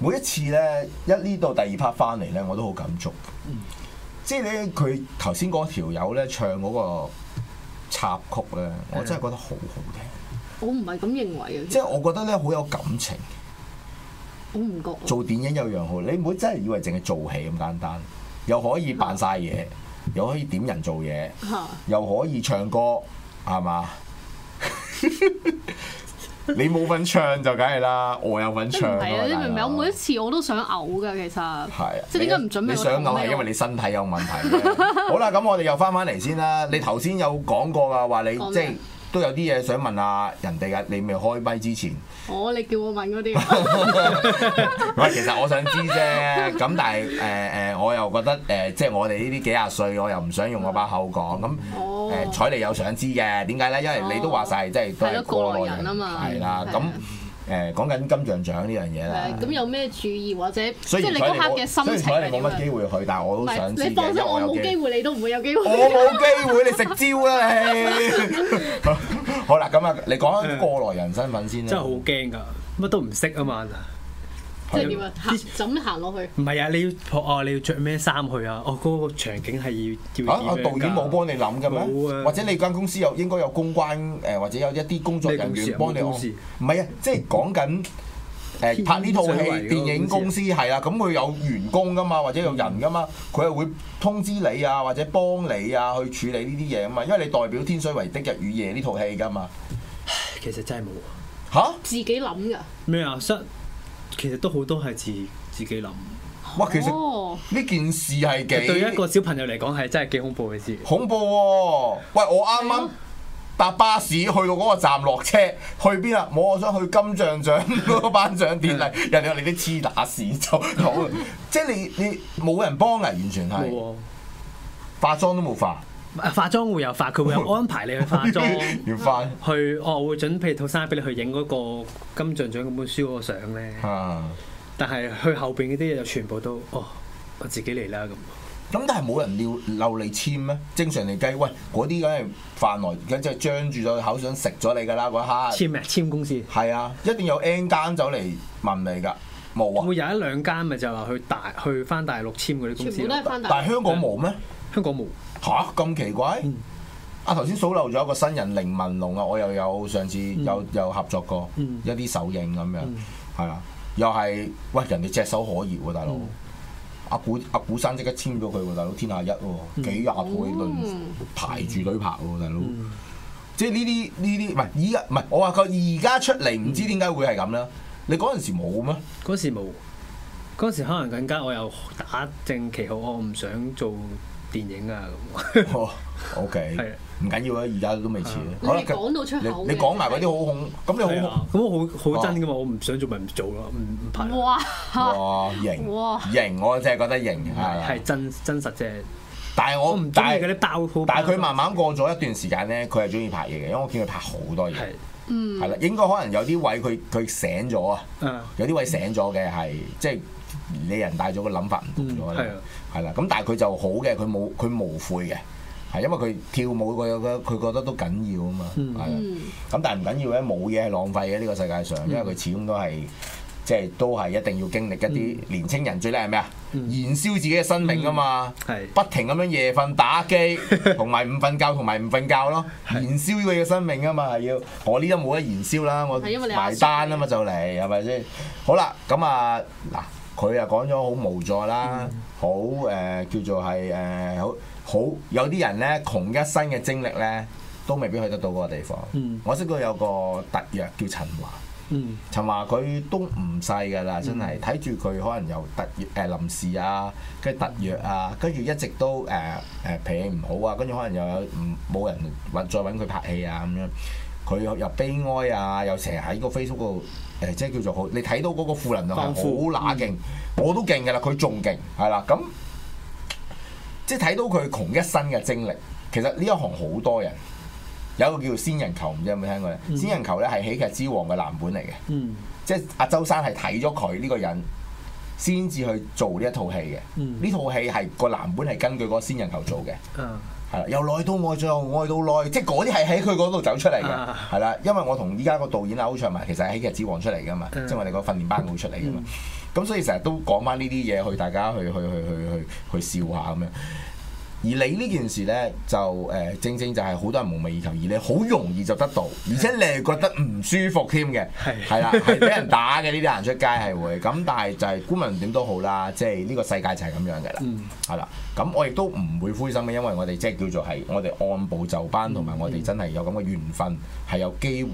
每一次咧，一呢到第二 part 翻嚟咧，我都好感觸。即係咧，佢頭先嗰條友咧唱嗰個插曲咧，嗯、我真係覺得好好聽。我唔係咁認為嘅。即係我覺得咧，好有感情。我唔覺。做電影有樣好，你唔會真係以為淨係做戲咁簡單，又可以扮晒嘢，啊、又可以點人做嘢，啊、又可以唱歌，係嘛？ 你冇份唱就梗係啦，我有份唱。係啊，是你明唔明？我每一次我都想嘔㗎，其實。係的。即係點解唔準備？你想嘔係因為你身體有問題。 好啦，咁我哋又翻返嚟先啦。你頭先有講過㗎，話你即係。都有啲嘢想問下人哋啊，你未開麥之前，哦，你叫我問嗰啲，唔係 其實我想知啫，咁 但係誒誒，我又覺得誒、呃，即係我哋呢啲幾廿歲，我又唔想用我把口講咁，誒、哦呃、采妮有想知嘅，點解咧？因為你都話晒，哦、即係都係過來人啊了嘛，係啦、嗯，咁的。嗯誒講緊金像獎呢樣嘢啦，咁有咩注意或者即係你嗰刻嘅心情，你冇乜機會去？但係我都想，你放心，我冇機會，機會 你都唔會有機會。 我冇機會，你食蕉啦！你 好啦，咁啊，你講下過來人身份先啦、嗯。真係好驚㗎，乜都唔識啊嘛～即係要行，點行落去？唔係啊！你要學你要著咩衫去啊？哦，嗰個場景係要嚇，阿、啊啊、導演冇幫你諗㗎嘛？啊、或者你間公司有應該有公關誒，或者有一啲工作人員幫你哦？唔係啊，即係講緊誒拍呢套戲，電影公司係啊，咁佢、嗯、有員工噶嘛，或者有人噶嘛，佢係會通知你啊，或者幫你啊去處理呢啲嘢啊嘛，因為你代表天水圍的日與夜呢套戲㗎嘛。其實真係冇嚇，自己諗㗎咩啊？啊其實都好多係自自己諗。哇，其實呢件事係對一個小朋友嚟講係真係幾恐怖嘅事。恐怖，哦！喂，我啱啱搭巴士去到嗰個站落車。去邊啊？冇，我想去金像獎嗰個頒獎典禮， 禮 人哋話你啲黐乸屎臭，即係 你你冇人幫啊，完全係、哦、化妝都冇化。化妝會有化，佢會有安排你去化妝， 來去哦我會準備，譬如套衫俾你去影嗰個金像獎嗰本書嗰個相咧。啊、但係去後邊嗰啲嘢就全部都哦，我自己嚟啦咁。咁但係冇人要留你簽咩？正常嚟計，喂嗰啲梗係飯來，佢即係將住咗口想食咗你噶啦嗰一刻。簽咩？簽公司？係啊，一定有 N 間走嚟問你噶，冇啊。會有一兩間咪就話去大去翻大陸簽嗰啲公司，全部都翻大陸。但係香港冇咩？香港冇。吓，咁、啊、奇怪？嗯、啊，頭先數漏咗一個新人凌文龍啊，我又有上次有有、嗯、合作過、嗯、一啲首映咁樣，係啊、嗯，又係喂人哋炙手可熱喎、啊，大佬阿、嗯啊、古阿、啊、古生即刻簽咗佢喎，大佬天下一、啊、幾廿倍輪排住隊拍喎、啊，大佬、嗯嗯、即係呢啲呢啲唔係依家唔係我話佢而家出嚟唔知點解會係咁啦。嗯、你嗰陣時冇咩？嗰時冇，嗰時可能更加，我又打正旗號，我唔想做。電影啊咁，好 OK，唔緊要啊，而家都未遲啊。可能講到出口，你講埋嗰啲好恐，咁你好恐，咁我好好真噶嘛？我唔想做咪唔做咯，唔唔拍。哇！哇！型型，我真係覺得型，係係真真實啫。但係我唔中意嘅，你爆。但係佢慢慢過咗一段時間咧，佢係中意拍嘢嘅，因為我見佢拍好多嘢。係嗯，係啦，應該可能有啲位佢佢醒咗啊，有啲位醒咗嘅係即係。你人大咗個諗法唔同咗啦，係啦、嗯，咁但係佢就好嘅，佢冇佢無悔嘅，係因為佢跳舞個個佢覺得都緊要啊嘛，係咁、嗯、但係唔緊要咧，冇嘢係浪費嘅呢個世界上，因為佢始終都係即係都係一定要經歷一啲，年青人最叻係咩啊？燃燒自己嘅生命啊嘛，嗯、不停咁樣夜瞓打機，同埋唔瞓覺，同埋唔瞓覺咯，燃燒佢嘅生命啊嘛，係要我呢都冇得燃燒啦，我埋單啊嘛就嚟係咪先？好啦，咁啊嗱。嗯嗯嗯嗯嗯嗯佢又講咗好無助啦、嗯呃呃，好誒叫做係誒好好有啲人咧窮一生嘅精力咧，都未必去得到嗰個地方。嗯、我識到有個特約叫陳華，嗯、陳華佢都唔細㗎喇，真係睇住佢可能又特約誒、呃、臨時啊，跟住特約啊，跟住一直都誒誒、呃呃、脾氣唔好啊，跟住可能又有冇人揾再揾佢拍戲啊咁樣，佢又悲哀啊，又成日喺個 Facebook 度。誒，即係叫做好，你睇到嗰個負能量係好乸勁，嗯、我都勁嘅啦，佢仲勁，係啦，咁即係睇到佢窮一生嘅精力。其實呢一行好多人，有一個叫仙人球，唔知有冇聽過咧？仙、嗯、人球咧係喜劇之王嘅藍本嚟嘅，嗯，即係阿周生係睇咗佢呢個人，先至去做呢一套戲嘅，呢、嗯、套戲係個藍本係根據嗰個仙人球做嘅，嗯。係啦，由內到外，最後外到內，即係嗰啲係喺佢嗰度走出嚟嘅，係啦、啊。因為我同依家個導演歐卓文其實係喺《日子王》出嚟㗎嘛，嗯、即係我哋個訓練班會出嚟㗎嘛。咁、嗯、所以成日都講翻呢啲嘢去大家去去去去去，去，去笑下咁樣。而你呢件事呢，就誒、呃、正正就係好多人夢寐以求，而你好容易就得到，的而且你係覺得唔舒服添嘅，係啦，係俾人打嘅呢啲行出街係會，咁但係就係官民點都好啦，即係呢個世界就係咁樣嘅啦，係啦、嗯，咁我亦都唔會灰心嘅，因為我哋即係叫做係我哋按部就班，同埋我哋真係有咁嘅緣分，係有機會。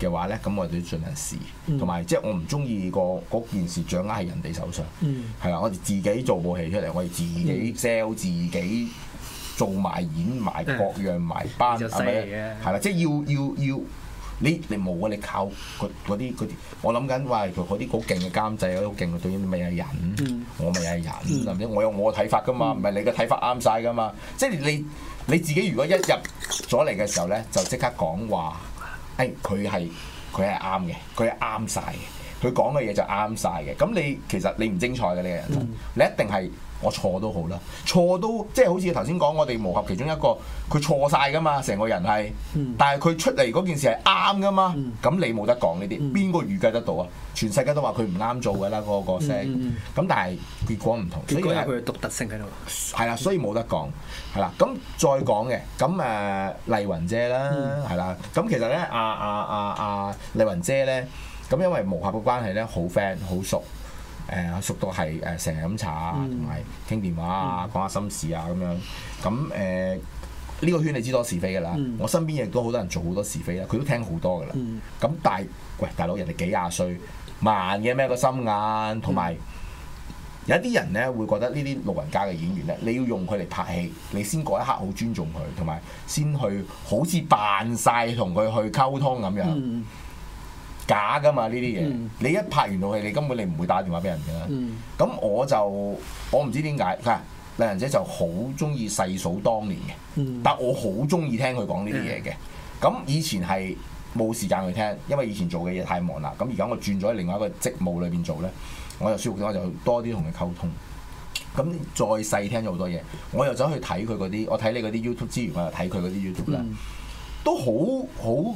嘅話咧，咁我哋盡人事，同埋、嗯、即係我唔中意個件事掌握喺人哋手上，係啊、嗯，我哋自己做部戲出嚟，嗯、我哋自己 sell 自己做，做埋演埋各、嗯、樣埋班，係咪係啦，即係要要要你你冇啊！你靠嗰啲啲，我諗緊喂，嗰啲好勁嘅監製好勁嘅，對於你咪係人，嗯、我咪係人，或者、嗯、我有我嘅睇法噶嘛，唔係你嘅睇法啱晒噶嘛，即係你你，你自己如果一入咗嚟嘅時候咧，就即刻講話。佢係佢係啱嘅，佢係啱晒嘅，佢講嘅嘢就啱晒嘅。咁你其實你唔精彩嘅呢個人，嗯、你一定係。我錯都好啦，錯都即係好似頭先講，我哋磨合其中一個，佢錯晒㗎嘛，成個人係，嗯、但係佢出嚟嗰件事係啱㗎嘛，咁、嗯、你冇得講呢啲，邊個、嗯、預計得到啊？全世界都話佢唔啱做㗎啦，嗰、那個角色，咁、嗯嗯、但係結果唔同，所以係佢嘅獨特性喺度，係啦，所以冇得講，係啦，咁再講嘅，咁誒、呃、麗雲姐啦，係啦、嗯，咁其實咧，阿阿阿阿麗雲姐咧，咁因為磨合嘅關係咧，好 friend 好熟。誒、呃、熟到係誒成日飲茶啊，同埋傾電話啊，嗯、講下心事啊咁樣。咁誒呢個圈你知多是非㗎啦。嗯、我身邊亦都好多人做好多是非啦，佢都聽好多㗎啦。咁、嗯、但係，喂，大佬，人哋幾廿歲，慢嘅咩、嗰個心眼，同埋有啲人咧會覺得呢啲老人家嘅演員咧，你要用佢嚟拍戲，你先嗰一刻好尊重佢，同埋先去好似扮晒同佢去溝通咁樣。嗯嗯假噶嘛呢啲嘢，你一拍完套戲，你根本你唔會打電話俾人嘅。咁、嗯、我就我唔知點解，麗人姐就好中意細數當年嘅，嗯、但我好中意聽佢講呢啲嘢嘅。咁、嗯、以前係冇時間去聽，因為以前做嘅嘢太忙啦。咁而家我轉咗另外一個職務裏邊做咧，我又舒服啲，我就多啲同佢溝通。咁再細聽咗好多嘢，我又走去睇佢嗰啲，我睇你嗰啲 YouTube 之餘，我又睇佢嗰啲 YouTube 啦，嗯、都好好。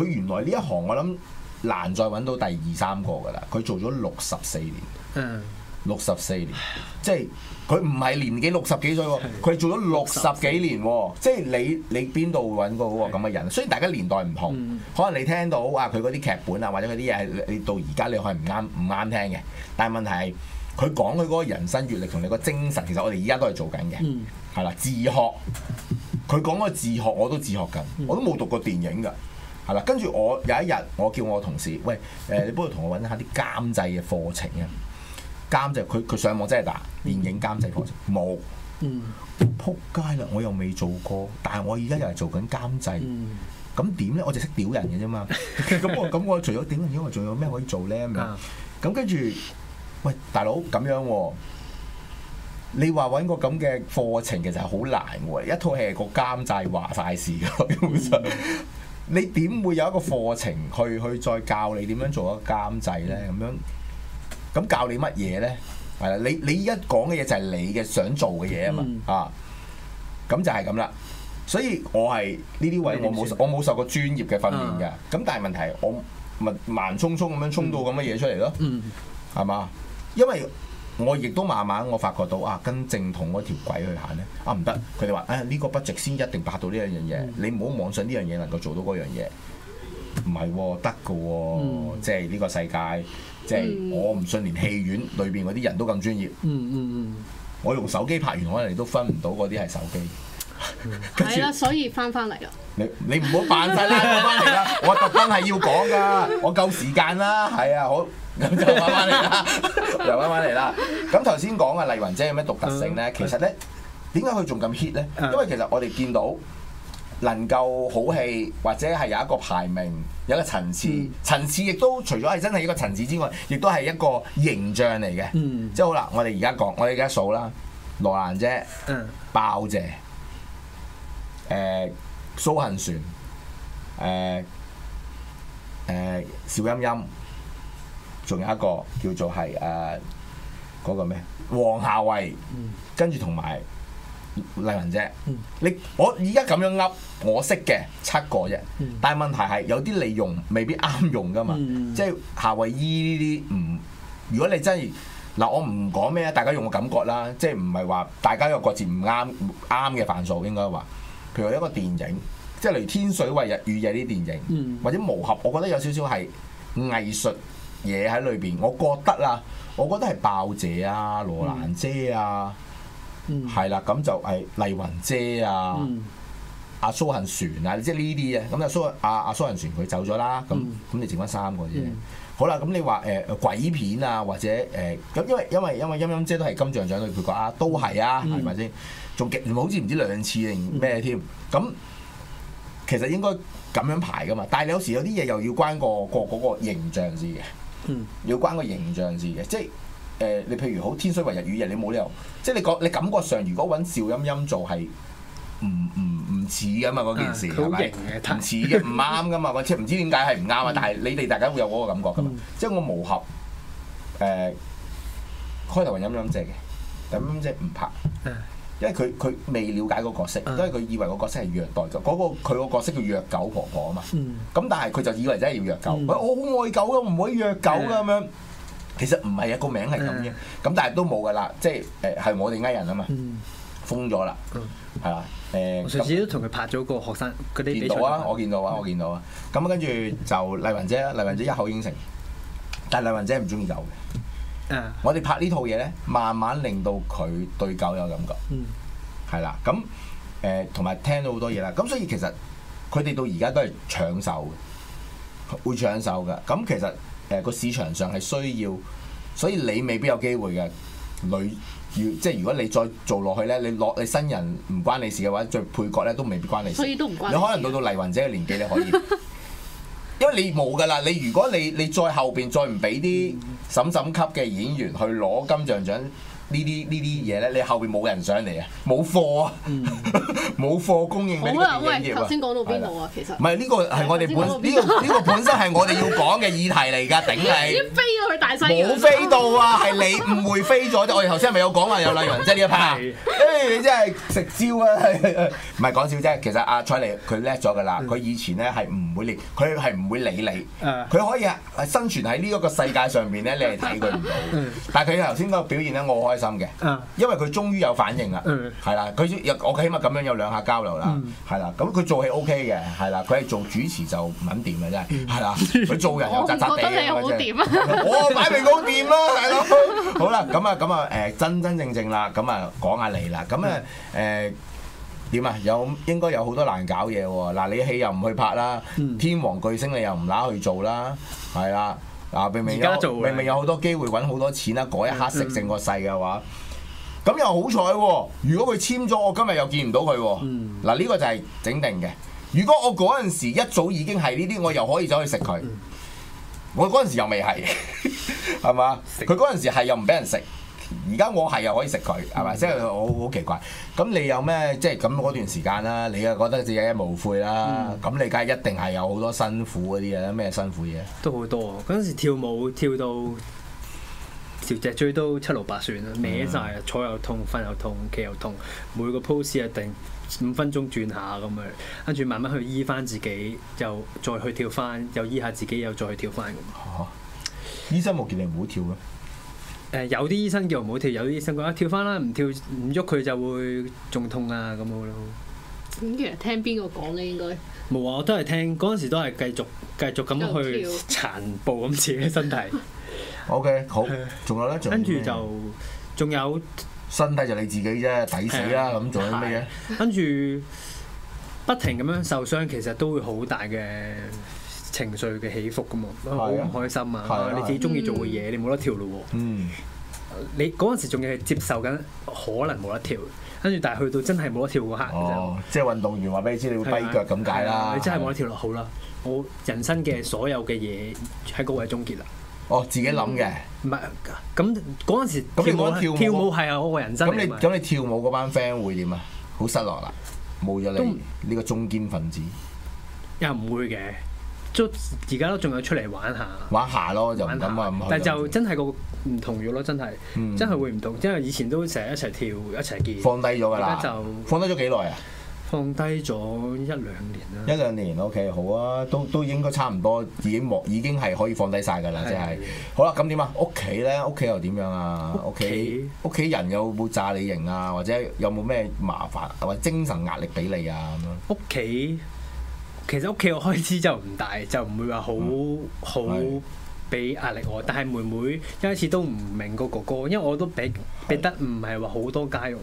佢原來呢一行我諗。難再揾到第二三個㗎喇，佢做咗六十四年，六十四年，即係佢唔係年紀六十幾歲喎，佢的做咗六十幾年喎，年即係你你邊度揾過嗰個咁嘅人？雖然的大家年代唔同，嗯、可能你聽到啊佢嗰啲劇本啊或者佢啲嘢係你到而家你係唔啱唔啱聽嘅，但係問題係佢講佢嗰個人生閲歷同你個精神，其實我哋而家都係做緊嘅，係啦、嗯，自學，佢講嗰個自學我都自學緊，我都冇讀過電影㗎。跟住我有一日，我叫我同事，喂，誒、呃，你幫我同我搵下啲監製嘅課程啊？監製，佢佢上網真係打電影監製課程冇，嗯，撲街啦！我又未做過，但係我而家又係做緊監製，咁點咧？我就識屌人嘅啫嘛，咁 我咁我除咗屌人以外，仲有咩可以做咧？咁、嗯、跟住，喂，大佬咁樣，哦，你話搵個咁嘅課程，其實係好難嘅。哦，一套戲係個監製話晒事嘅，基本上。你點會有一個課程去去再教你點樣做一個監製呢？咁樣咁教你乜嘢呢？係啦，你你一講嘅嘢就係你嘅想做嘅嘢啊嘛啊！咁就係咁啦。所以我係呢啲位我冇我冇受過專業嘅訓練嘅。咁但係問題我咪盲舂舂咁樣衝到咁嘅嘢出嚟咯。係嘛？因為。我亦都慢慢我發覺到啊，跟正統嗰條軌去行咧，啊唔得！佢哋話：唉，呢、啊這個 budget 先一定拍到呢樣嘢，嗯、你唔好妄想呢樣嘢能夠做到嗰樣嘢。唔係、哦，得嘅、哦，嗯、即係呢個世界，即係我唔信連戲院裏邊嗰啲人都咁專業。嗯嗯嗯，我用手機拍完，可能你都分唔到嗰啲係手機。係、嗯、著啊，所以翻翻嚟啊！你你唔好扮晒呢個翻嚟啦！我特登係要講噶，我夠時間啦，係啊，我、嗯。 咁就翻翻嚟啦， 又翻翻嚟啦。咁頭先講嘅麗雲姐有咩獨特性咧？嗯、其實咧，點解佢仲咁 hit 咧？嗯、因為其實我哋見到能夠好戲或者係有一個排名，有一個層次。嗯、層次亦都除咗係真係一個層次之外，亦都係一個形象嚟嘅。嗯、即係好啦，我哋而家講，我哋而家數啦。羅蘭姐，嗯，鮑姐，誒、呃，蘇杏璇，誒、呃，誒、呃，邵音音。呃仲有一個叫做係誒嗰個咩？黃夏蕙跟住同埋麗文姐。你我依家咁樣噏，我識嘅七個啫。但係問題係有啲利用未必啱用噶嘛。即係夏蕙姨呢啲唔，如果你真係嗱，我唔講咩啊，大家用嘅感覺啦，即係唔係話大家有各自唔啱啱嘅範疇應該話。譬如一個電影，即係例如天水圍日與夜啲電影，或者無合，我覺得有少少係藝術。嘢喺裏邊，我覺得啦，我覺得係爆姐啊、羅蘭姐啊，係啦、嗯，咁就係麗雲姐啊、阿、嗯啊、蘇杏璇啊，即係呢啲嘅。咁、啊、阿蘇阿阿、啊、蘇杏璇佢走咗啦，咁咁、嗯、你剩翻三個啫。嗯、好啦，咁你話誒、呃、鬼片啊，或者誒咁、呃，因為因為因為陰陰姐都係金像獎女配角啊，都係啊，係咪先？仲極唔好似唔知兩次定咩添？咁、嗯嗯、其實應該咁樣排㗎嘛。但係你有時有啲嘢又要關個個嗰個形象先嘅。嗯，要關個形象事嘅，即係誒、呃，你譬如好天水圍日與夜，你冇理由，即係你覺你感覺上，如果揾邵音音做係唔唔唔似噶嘛嗰件事係咪？唔似嘅，唔啱噶嘛，或者唔知點解係唔啱啊！嗯、但係你哋大家會有嗰個感覺噶嘛，嗯、即係我磨合誒開頭話音音姐嘅，咁即係唔拍。嗯因為佢佢未了解個角色，因為佢以為個角色係虐待狗，嗰個佢個角色叫虐狗婆婆啊嘛。咁但係佢就以為真係要虐狗，我好愛狗嘅，唔可以虐狗嘅咁樣。其實唔係一個名係咁嘅。咁但係都冇㗎啦，即係誒係我哋呃人啊嘛，封咗啦，係啦誒。上次都同佢拍咗個學生嗰啲。見到啊，我見到啊，我見到啊。咁跟住就麗雲姐，麗雲姐一口應承，但係麗雲姐唔中意狗嘅。我哋拍呢套嘢咧，慢慢令到佢對狗有感覺。係啦，咁誒同埋聽到好多嘢啦，咁所以其實佢哋到而家都係搶手嘅，會搶手㗎。咁其實誒個、呃、市場上係需要，所以你未必有機會嘅。女，呃、即係如果你再做落去咧，你落你新人唔關你事嘅話，再配角咧都未必關你事。所以都唔關你。你可能到到黎雲姐嘅年紀，你可以， 因為你冇㗎啦。你如果你你再後邊再唔俾啲嬸嬸級嘅演員去攞金像獎。呢啲呢啲嘢咧，你後邊冇人上嚟啊？冇貨啊？冇貨供應你呢個電影業。喂，頭先講到邊度啊？其實唔係呢個係我哋本呢個呢個本身係我哋要講嘅議題嚟㗎，頂你！飛到去大西冇飛到啊！係你唔會飛咗啫。我哋頭先係咪有講話有麗人真呢一派？嘿，你真係食蕉啊！唔係講笑啫。其實阿彩黎佢叻咗㗎啦。佢以前咧係唔會理，佢係唔會理你。佢可以係生存喺呢一個世界上邊咧，你係睇佢唔到。但係佢頭先嗰個表現咧，我心嘅，因為佢終於有反應啦，係啦、嗯，佢有我起碼咁樣有兩下交流啦，係啦、嗯，咁佢做戲 O K 嘅，係啦，佢係做主持就唔肯掂嘅啫，係，係啦、嗯，佢做人又扎扎地嘅，真係，我擺、 哦、明好掂啦，大佬。好啦，咁啊，咁啊，誒、欸，真真正正啦，咁啊，講下你啦，咁、欸、啊，誒點啊，有應該有好多難搞嘢喎、啊，嗱，你戲又唔去拍啦，天王巨星你又唔拉去做啦，係啦。嗱，明明明明有好多機會揾好多錢啦，嗰、嗯、一刻食成個世嘅話，咁、嗯、又好彩喎！如果佢簽咗，我今日又見唔到佢喎。嗱、嗯，呢個就係整定嘅。如果我嗰陣時一早已經係呢啲，我又可以走去食佢。嗯、我嗰陣時又未係，係 嘛吧？佢嗰陣時係又唔俾人食。而家我係又可以食佢，係咪？嗯、即係我好奇怪。咁你有咩？即係咁嗰段時間啦，你又覺得自己無悔啦。咁、嗯、你梗係一定係有好多辛苦嗰啲嘢。咩辛苦嘢？都好多。嗰陣時跳舞跳到條脊椎都七六八算啦，歪曬，嗯、坐又痛，瞓又痛，企又痛。每個 pose 一定五分鐘轉下咁樣，跟住慢慢去醫翻自己，又再去跳翻，又醫下自己，又再去跳翻咁。醫生冇見你唔好跳咯。誒，有啲醫生叫我唔好跳，有啲醫生講，啊，跳翻啦，唔跳唔喐佢就會仲痛啊，咁好咯。咁其實聽邊個講咧，應該？冇啊，我都係聽嗰陣時都係繼續繼續咁去殘暴咁自己嘅身體。 o、okay, K，好，仲有咧？仲跟住就仲有身體就你自己啫，抵死啦咁，做緊乜嘢？跟住不停咁樣受傷，其實都會好大嘅。情緒嘅起伏咁啊，好唔開心啊！你自己中意做嘅嘢，你冇得跳咯喎。嗯，你嗰陣時仲要係接受緊可能冇得跳，跟住但係去到真係冇得跳嗰刻。即係運動員話俾你知，你會跛腳咁解啦。你真係冇得跳落好啦！我人生嘅所有嘅嘢喺嗰位終結啦。哦，自己諗嘅。唔係，咁嗰陣時。跳舞係我個人生。咁你咁你跳舞嗰班 friend 會點啊？好失落啦，冇咗你呢個中堅分子。又唔會嘅。都而家都仲有出嚟玩下，玩下咯，玩下就唔敢咁啊！但係就真係個唔同咗咯，真係，嗯、真係會唔同，因為以前都成日一齊跳，一齊見，放低咗噶啦，就放低咗幾耐啊？放低咗一兩年啦，一兩年 OK 好啊，都都應該差唔多，已經莫已經係可以放低晒噶啦，即、就、係、是。的好啦，咁點啊？屋企咧，屋企又點樣啊？屋企屋企人有冇炸你型啊？或者有冇咩麻煩或者精神壓力俾你啊？咁樣屋企。其實屋企嘅開支就唔大，就唔會話好好俾壓力我。但係妹妹一開始都唔明個哥哥，因為我都俾俾是得唔係話好多家用。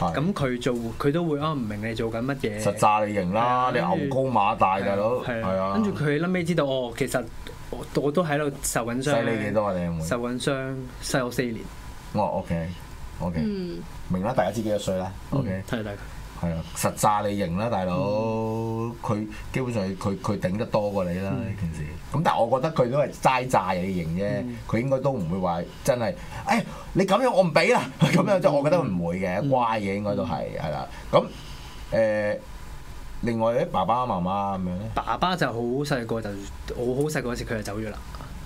咁佢是做佢都會啊，唔明你做緊乜嘢。實詐你型啦！你牛高馬大大佬，係啊。跟住佢撚尾知道哦，其實我，我都喺度受緊傷。細你幾多啊？你有冇？受緊傷，傷，細我四年。我 OK，OK，明啦，大家知幾多歲啦？OK。睇下、嗯係啊，實炸你型啦，大佬！佢基本上佢佢頂得多過你啦，呢件事。咁但係我覺得佢都係齋炸你型啫，佢、嗯、應該都唔會話真係，誒、哎、你咁樣我唔俾啦，咁樣就我覺得唔會嘅，嗯、乖嘢應該都係係啦。咁誒、嗯嗯嗯，另外咧，爸爸媽媽咁樣咧，爸爸就好細個就我好細個嗰時佢就走咗啦。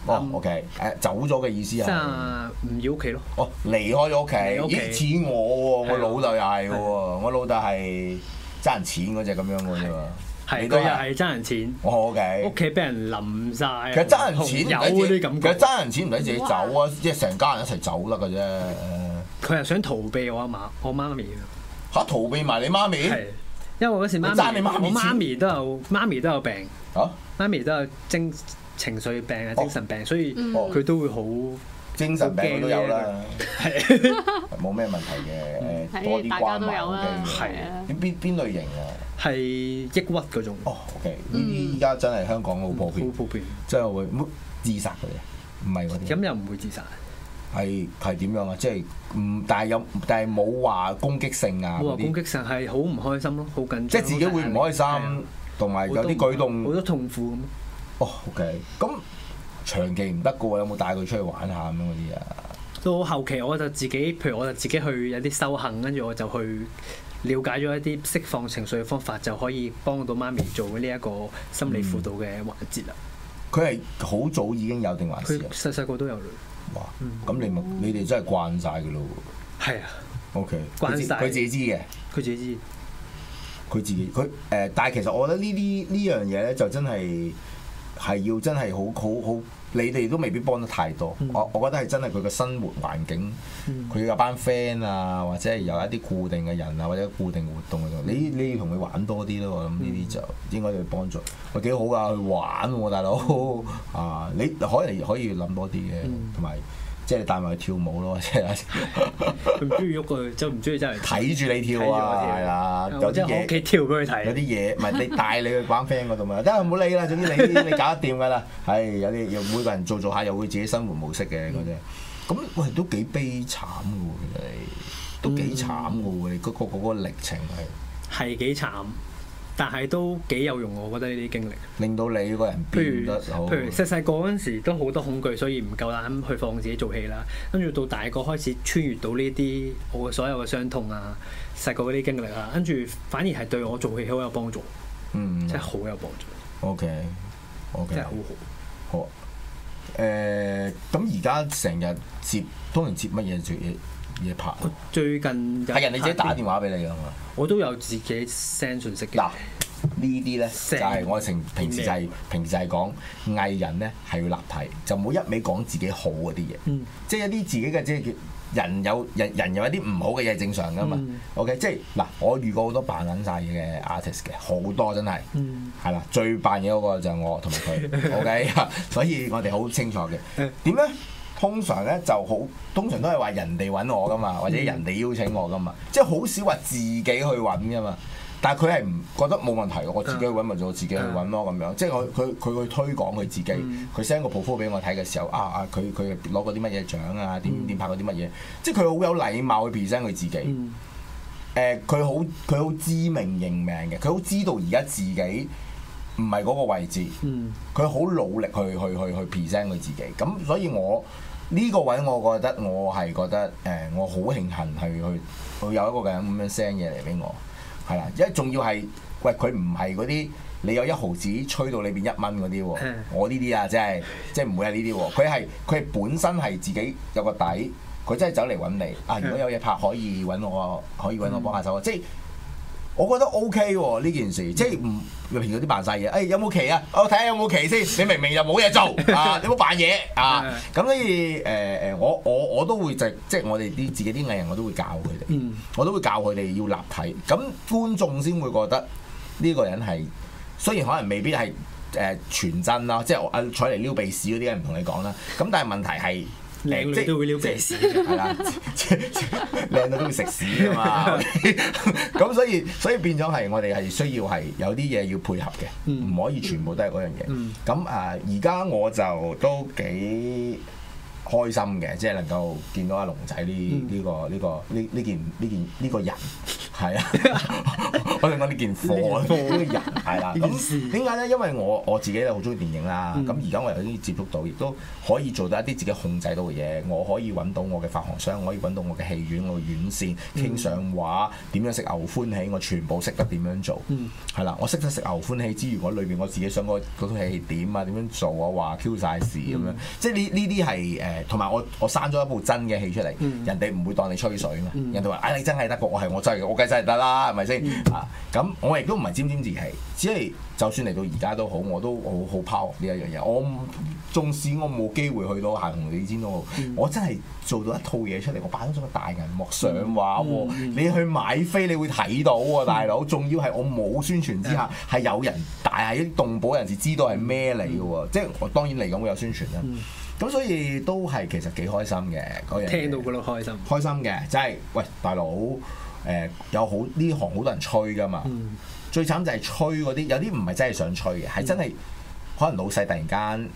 哦，OK，誒走咗嘅意思啊？即係唔要屋企咯。哦，離開咗屋企，咦？似我喎，我老豆又係喎，我老豆係爭人錢嗰隻咁樣嘅啫嘛。係佢又係爭人錢。哦，OK，屋企俾人冧晒。其實爭人錢，有啲咁講。其實爭人錢唔使自己走啊，即係成家人一齊走得嘅啫。佢又想逃避我阿媽，我媽咪。嚇！逃避埋你媽咪。因為嗰時媽，我媽咪都有，媽咪都有病。嚇！媽咪都有精。情緒病啊，精神病，所以佢都會好精神病都有啦，係冇咩問題嘅，多啲關愛。係啊，啲邊邊類型啊？係抑鬱嗰種。哦，OK，呢啲依家真係香港好普遍，好普遍，真係會自殺嘅，唔係嗰啲。咁又唔會自殺？係係點樣啊？即係唔，但係有，但係冇話攻擊性啊。冇話攻擊性係好唔開心咯，好緊張。即係自己會唔開心，同埋有啲舉動，好多痛苦咁。哦、oh，OK，咁長期唔得噶，有冇帶佢出去玩下咁樣嗰啲啊？到後期我就自己，譬如我就自己去有啲修行跟住，我就去了解咗一啲釋放情緒嘅方法，就可以幫到媽咪做呢一個心理輔導嘅環節啦。佢係好早已經有定還是啊？細細個都有。哇，咁你咪你哋真係慣晒噶咯？係啊。OK，慣晒。佢自己知嘅，佢自己知。佢自己，佢誒、呃，但係其實我覺得呢啲呢樣嘢咧，就真係。係要真係好好好，你哋都未必幫得太多。嗯、我我覺得係真係佢個生活環境，佢有班 friend 啊，或者係有一啲固定嘅人啊，或者固定活動啊，你你要同佢玩多啲咯。我諗呢啲就應該要幫助，咪幾好㗎？去玩喎、啊，大佬、嗯、 啊！你可以可以諗多啲嘅，同埋。即係你帶埋佢跳舞咯，即係佢唔中意喐佢，就唔中意真係睇住你跳啊！係 啦，有啲嘢，屋企跳俾佢睇。有啲嘢，唔係 你帶你去玩。friend 嗰度咪得，唔好理啦。總之你你搞得掂㗎啦。係、 哎、有啲又每個人做一做下又會自己生活模式嘅嗰啲。咁喂、嗯、都幾悲慘嘅喎，你都幾慘嘅喎，嗰、那個嗰、那個歷程係係幾慘。但係都幾有用，我覺得呢啲經歷令到你個人變得好。譬如細細個嗰陣時都好多恐懼，所以唔夠膽去放自己做戲啦。跟住到大個開始穿越到呢啲我嘅所有嘅傷痛啊，細個嗰啲經歷啊，跟住反而係對我做戲好有幫助，嗯，真係好有幫助。O K，O K，真係好好。好誒，咁而家成日接，當然接乜嘢最？嘢拍最近有人你自己打電話俾你㗎嘛、嗯，我都有自己 send 信息嘅。嗱呢啲咧全 就係我成平時就係、是、美平時就係、是、講藝人咧係要立體，就唔好一味講自己好嗰啲嘢。即係一啲自己嘅即係叫人有人人有一啲唔好嘅嘢係正常㗎嘛。嗯、OK，即係嗱我遇過好多扮撚晒嘅 artist 嘅好多真係，係啦、嗯，最扮嘢嗰個就係我同埋佢。OK， 所以我哋好清楚嘅點咧？通常咧就好，通常都係話人哋揾我噶嘛，或者人哋邀請我噶嘛，即係好少話自己去揾噶嘛。但係佢係唔覺得冇問題，我自己去揾咪就我自己去揾咯咁樣。即係佢佢佢去推廣佢自己，佢 send 個 profile 俾我睇嘅時候，啊啊佢佢攞過啲乜嘢獎啊，點點拍過啲乜嘢，即係佢好有禮貌去 present 佢自己。誒，佢好佢好知名認命嘅，佢好知道而家自己唔係嗰個位置，佢好努力去去去去 present 佢自己。咁所以我。呢個位我覺得我係覺得誒、呃，我好慶幸係去，去去有一個咁樣 send 嘢嚟俾我，係啦，因為仲要係喂佢唔係嗰啲你有一毫子吹到裏面一蚊嗰啲喎，我呢啲啊，即係即係唔會係呢啲喎，佢係佢係本身係自己有個底，佢真係走嚟揾你啊！如果有嘢拍，可以揾我，可以揾我幫下手啊！嗯、即係。我覺得 OK 喎、哦、呢件事，即係唔入邊嗰啲扮晒嘢，哎有冇期啊？我睇下有冇期先。你明明又冇嘢做 啊，你冇扮嘢啊。咁所以誒誒，我我我都會就即係我哋啲自己啲藝人我，我都會教佢哋，我都會教佢哋要立體，咁觀眾先會覺得呢個人係雖然可能未必係誒、呃、全真啦，即係阿彩嚟撩鼻屎嗰啲人，唔同你講啦。咁但係問題係。靚到都會撩鼻屎，係啦，靚到都會食屎啊嘛！咁 所以所以變咗係我哋係需要係有啲嘢要配合嘅，唔、嗯、可以全部都係嗰樣嘢。咁、嗯、啊，而家我就都幾～開心嘅，即係能夠見到阿龍仔呢呢、嗯呢個呢、呢個呢呢件呢件呢個人係啊， 我哋講呢件火貨嘅人係啦。點解咧？因為我我自己咧好中意電影啦。咁而家我又已經接觸到，亦都可以做到一啲自己控制到嘅嘢。我可以揾到我嘅發行商，我可以揾到我嘅戲院，我嘅院線傾上話點樣食牛歡喜，我全部識得點樣做。係啦、嗯啊，我識得食牛歡喜之餘，我裏面我自己想嗰套戲點啊，點樣做啊，話 Q 曬事咁樣。即係呢呢啲係誒。同埋我我生咗一部真嘅戲出嚟，人哋唔會當你吹水嘅，人哋話，啊，你真係得嘅，我係我真係，我梗係真係得啦，係咪先？咁我亦都唔係沾沾自喜，只係就算嚟到而家都好，我都好好拋學呢一樣嘢。我縱使我冇機會去到行紅地氈都好，我真係做到一套嘢出嚟，我擺咗個大銀幕上畫你去買飛，你會睇到喎，大佬。仲要係我冇宣傳之下，係有人大下啲動保人士知道係咩嚟嘅，即係我當然嚟講會有宣傳啦。咁所以都係其實幾開心嘅嗰樣嘢，聽到覺得開心。開心嘅，真係喂，大佬誒、呃、有好呢行好多人吹㗎嘛。嗯、最慘就係吹嗰啲，有啲唔係真係想吹嘅，係真係、嗯、可能老細突然間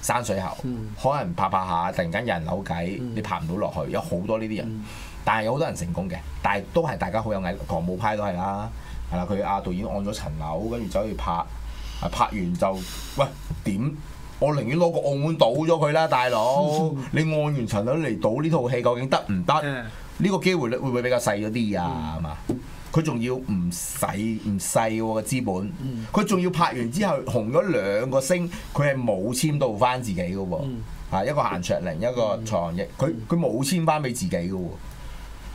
山水喉，嗯、可能拍拍下突然間有人扭計，嗯、你拍唔到落去。有好多呢啲人，嗯、但係有好多人成功嘅，但係都係大家好有眼光，狂舞派都係啦，係啦，佢阿導演按咗層樓，跟住走去拍，拍完就喂點？我寧願攞個澳門賭咗佢啦，大佬！你按完層樓嚟賭呢套戲，究竟得唔得？呢 Yeah. 個機會率會唔會比較細咗啲啊？係嘛、mm.？佢仲要唔使唔細個資本，佢仲、mm. 要拍完之後紅咗兩個星，佢係冇簽到翻自己噶喎、mm.，一個顏卓靈，一個蔡瀚億，佢佢冇簽翻俾自己噶喎。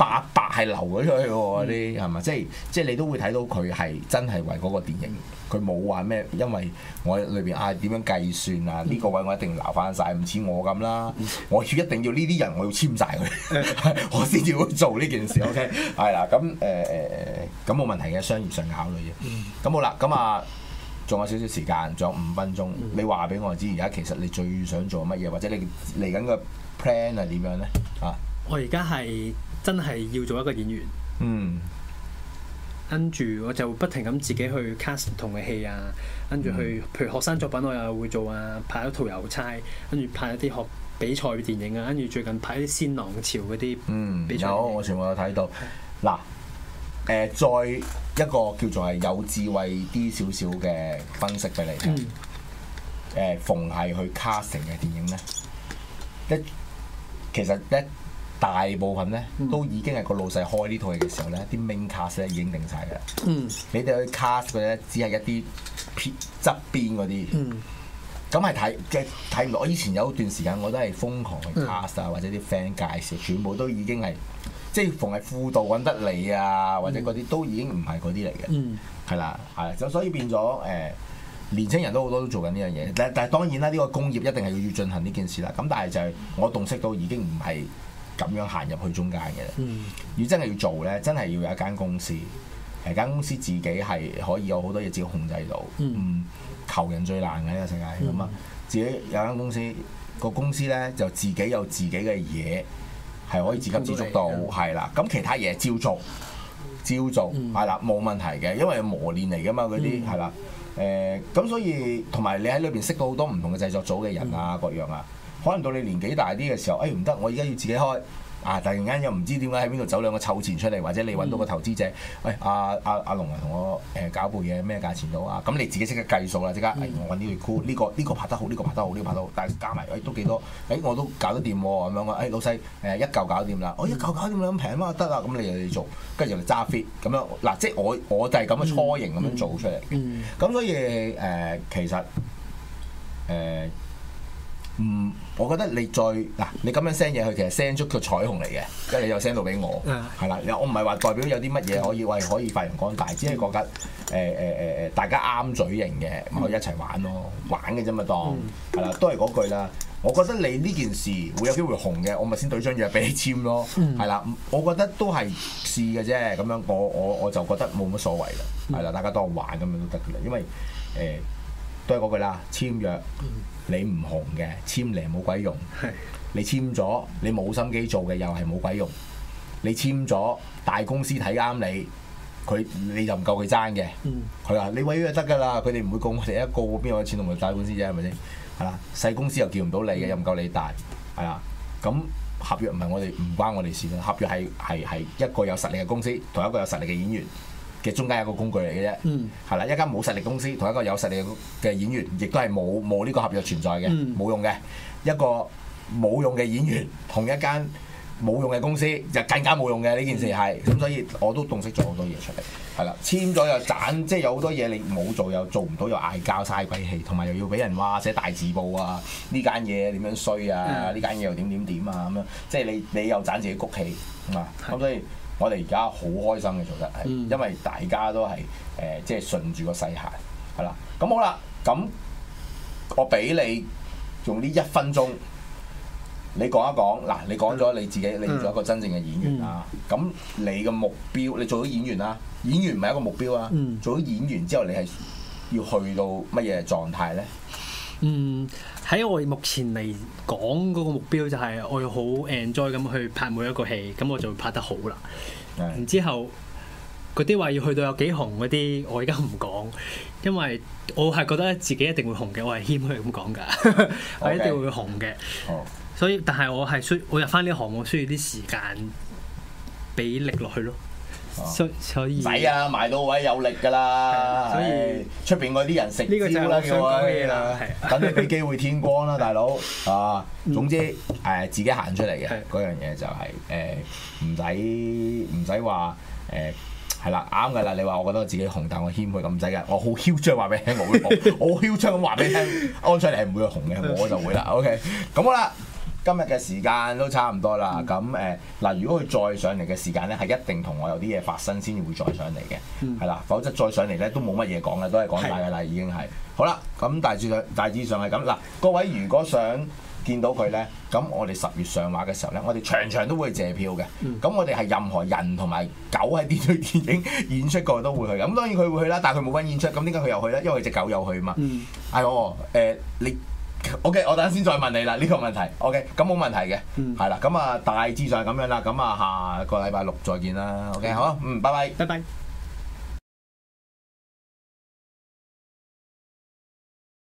百百係流咗出去喎，嗰啲係嘛？即係即係你都會睇到佢係真係為嗰個電影、啊，佢冇話咩？因為我裏邊啊點樣計算啊？呢、這個位我一定攞翻晒，唔 似我咁啦。我要一定要呢啲人我要簽曬佢， 我先至會做呢件事、uh, okay fat, 嗯。O K，係啦，咁誒誒，咁冇問題嘅商業上考慮嘅。咁好啦，咁啊，仲有少少時間，仲有五分鐘，你話俾我知，而家其實你最想做乜嘢，或者你嚟緊個 plan 係點樣咧？啊，我而家係。真係要做一個演員，嗯，跟住我就不停咁自己去 cast 同嘅戲啊，跟住去，嗯、譬如學生作品我又會做啊，拍一套郵差，跟住拍一啲學比賽嘅電影啊，跟住最近拍啲新浪潮嗰啲，嗯，好，我全部有睇到，嗱、嗯，誒、呃、再一個叫做係有智慧啲少少嘅分析俾你聽，誒、嗯呃、逢係去 casting 嘅電影咧，一其實一。大部分咧、嗯、都已經係個老細開呢套嘢嘅時候咧，啲名 cast 咧已經定晒啦。嗯，你哋去 cast 嘅咧，只係一啲偏側邊嗰啲。嗯，咁係睇嘅睇唔落。以前有段時間我都係瘋狂去 cast 啊，嗯、或者啲 friend 介紹，全部都已經係即係逢係輔導揾得你啊，或者嗰啲、嗯、都已經唔係嗰啲嚟嘅。嗯，係啦，係。就所以變咗誒、欸，年輕人都好多都做緊呢樣嘢。但但係當然啦，呢個工業一定係要進行呢件事啦。咁但係就係我洞悉到已經唔係。咁樣行入去中間嘅，如果、嗯、真係要做呢，真係要有一間公司，係間公司自己係可以有好多嘢自己控制到，嗯，求人最難嘅呢個世界咁啊，嗯嗯嗯、自己有間公司，個公司呢，就自己有自己嘅嘢，係可以自給自足到，係啦、嗯，咁其他嘢照做，照做，係啦、嗯，冇問題嘅，因為磨練嚟噶嘛，嗰啲係啦，誒、嗯，咁、嗯、所以同埋你喺裏邊識到好多唔同嘅製作組嘅人啊，嗯、各樣啊。可能到你年紀大啲嘅時候，哎唔得，我而家要自己開啊！突然間又唔知點解喺邊度走兩個湊錢出嚟，或者你揾到個投資者，喂阿阿阿龍啊，同我誒搞部嘢咩價錢都好啊？咁你自己識得計數啦，即刻，哎我揾呢條股，呢個呢個拍得好，呢個拍得好，呢個拍得好，但係加埋，哎都幾多？哎我都搞得掂喎，咁樣啊，哎老細，誒一嚿搞掂啦，我一嚿搞掂咁平啊嘛得啦，咁你又要做，跟住又嚟揸 fit 咁樣，嗱即係我我就係咁嘅初型咁樣做出嚟，咁所以誒其實誒。嗯，我覺得你再嗱、啊，你咁樣 send 嘢去，其實 send 足個彩虹嚟嘅，跟住又 send 到俾我，係啦 Yeah.。我唔係話代表有啲乜嘢可以喂可以發揚光大，只係覺得誒誒誒誒，大家啱嘴型嘅，咪可以一齊玩咯，玩嘅啫嘛，當係啦、mm.，都係嗰句啦。我覺得你呢件事會有機會紅嘅，我咪先對張約俾你簽咯，係啦、mm.。我覺得都係試嘅啫，咁樣我我我就覺得冇乜所謂啦，係啦，大家當玩咁樣都得嘅啦，因為誒、呃、都係嗰句啦，簽約。Mm. 你唔紅嘅簽嚟冇鬼用，你簽咗你冇心機做嘅又係冇鬼用，你簽咗大公司睇啱你，佢你就唔夠佢爭嘅，佢話、嗯、你毀約得㗎啦，佢哋唔會告我哋一個邊有錢同佢大公司啫，係咪先？係啦，細公司又叫唔到你嘅，又唔夠你大，係啦，咁合約唔係我哋唔關我哋事嘅，合約係係係一個有實力嘅公司同一個有實力嘅演員嘅中間有一個工具嚟嘅啫，係啦、嗯，一間冇實力公司同一個有實力嘅演員，亦都係冇冇呢個合約存在嘅，冇、嗯、用嘅一個冇用嘅演員，同一間冇用嘅公司就更加冇用嘅呢件事係，咁、嗯、所以我都洞悉咗好多嘢出嚟，係啦，簽咗又盞，即係有好多嘢你冇做又做唔到又嗌交嘥鬼氣，同埋又要俾人話寫大字報啊，呢間嘢點樣衰啊，呢間嘢又點點點啊咁樣，即係你你，你又盞自己谷氣，啊、嗯、咁所以。嗯嗯所以我哋而家好開心嘅做得係，嗯、因為大家都係誒、呃，即係順住個世界，係啦。咁好啦，咁我俾你用呢一分鐘，你講一講嗱，你講咗你自己，你做一個真正嘅演員啦。咁、嗯、你嘅目標，你做咗演員啦，演員唔係一個目標啊。嗯、做咗演員之後，你係要去到乜嘢狀態呢？嗯。喺我目前嚟講嗰個目標就係我要好 enjoy 咁去拍每一個戲，咁我就會拍得好啦。是的 然之後，嗰啲話要去到有幾紅嗰啲，我而家唔講，因為我係覺得自己一定會紅嘅，我係謙虛咁講㗎， 我一定會紅嘅。Okay. 所以，但係我係需我入翻呢行，我需要啲時間俾力落去咯、啊所。所以，埋啊埋到位有力㗎啦。出邊嗰啲人食呢蕉啦，咁樣，果等你俾機會天光啦， 大佬啊，總之誒、呃、自己行出嚟嘅嗰樣嘢就係誒唔使唔使話誒係啦啱㗎啦，你話我覺得我自己紅，但我謙虛咁仔嘅，我好囂張話俾你聽，我會紅 我好囂張咁話俾你聽，安出嚟係唔會紅嘅， 我就會啦，OK，咁好啦。今日嘅時間都差唔多啦，咁誒嗱，如果佢再上嚟嘅時間咧，係一定同我有啲嘢發生先會再上嚟嘅，係啦、嗯，否則再上嚟咧都冇乜嘢講嘅，都係講晒嘅啦，已經係。是的 好啦，咁大致上大致上係咁。嗱，各位如果想見到佢咧，咁我哋十月上畫嘅時候咧，我哋場場都會借票嘅。咁、嗯、我哋係任何人同埋狗喺邊齣電影演出過都會去，咁當然佢會去啦。但係佢冇份演出，咁點解佢又去咧？因為佢隻狗又去啊嘛。係喎、嗯哎呃呃，你。OK，我等下先再問你啦，呢個問題。O K，咁冇問題嘅，係啦、嗯。咁啊，大致上係咁樣啦。咁啊，下個禮拜六再見啦。OK，嗯、好，嗯，拜拜，拜拜。